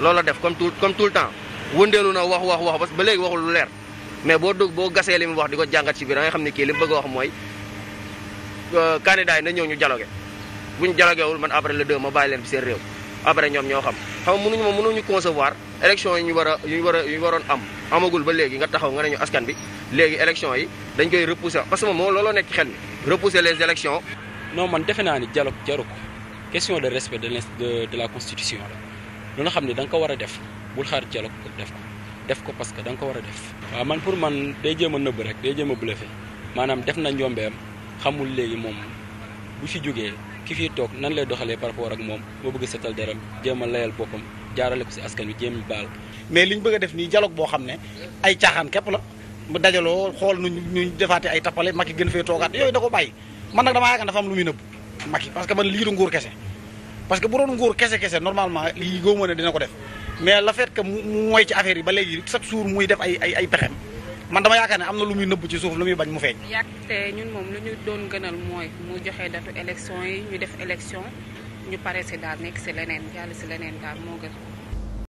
loolu la def comme tout tout le temps wëndeelu na wax wax wax ba léegi waxul lu leer mais boo dugg boo gasee li mu wax di ko jàngat ci biir da nga xam ne kii li mu bëgg a wax mooy euh, candidat yi na ñëw ñu dialogue bu ñu dialoguewul man après le deux ma bàyyi leen bi seen réew après ñoom ñoo xam xam mënuñu ma mënuñu concevoir élection yi ñu war a yu ñu war a ñu waroon am amagul ba léegi nga taxaw nga ne ñu askan bi léegi élection yi dañ koy repousser parce que moom moo looloo nekk ci xel mi repousser les élections non man defe naa ni dialogue jaru ko de respect de de la constitution lu xam ne da nga ko war a def bul xaar dialogue def ko def ko parce que da nga ko war a def. waaw man pour man day jéem a nëbb rek day jéem a bluffé maanaam def na njombeem xamul léegi moom bu fi jógee ki fiy toog nan lay doxalee par rapport ak moom moo bëgg setal deram jéem a layal boppam jaarale ko si askan wi jéem baal. mais li ñu bëgg def nii dialogue boo xam ne ay caaxaan képp la mu dajaloo xool nu ñu defaatee ay tappale Macky gën fee toogaat yooyu da ko bàyyi man nag damaa am lu muy nëbb Macky parce que man liiru nguur kese. parce que bu doon nguur kese kese normalement lii góob ma dina ko def mais le fait que mu mooy ci affaire yi ba léegi chaque jour muy def ay ay ay pexem man dama yaakaar ne am na lu muy nëbb ci suuf lu muy bañ mu feeñ. yàqte ñun moom lu ñu doon gënal mooy mu joxe datu élection yi ñu def élection ñu pare si daal nekk si leneen jàll si leneen daal moo gën.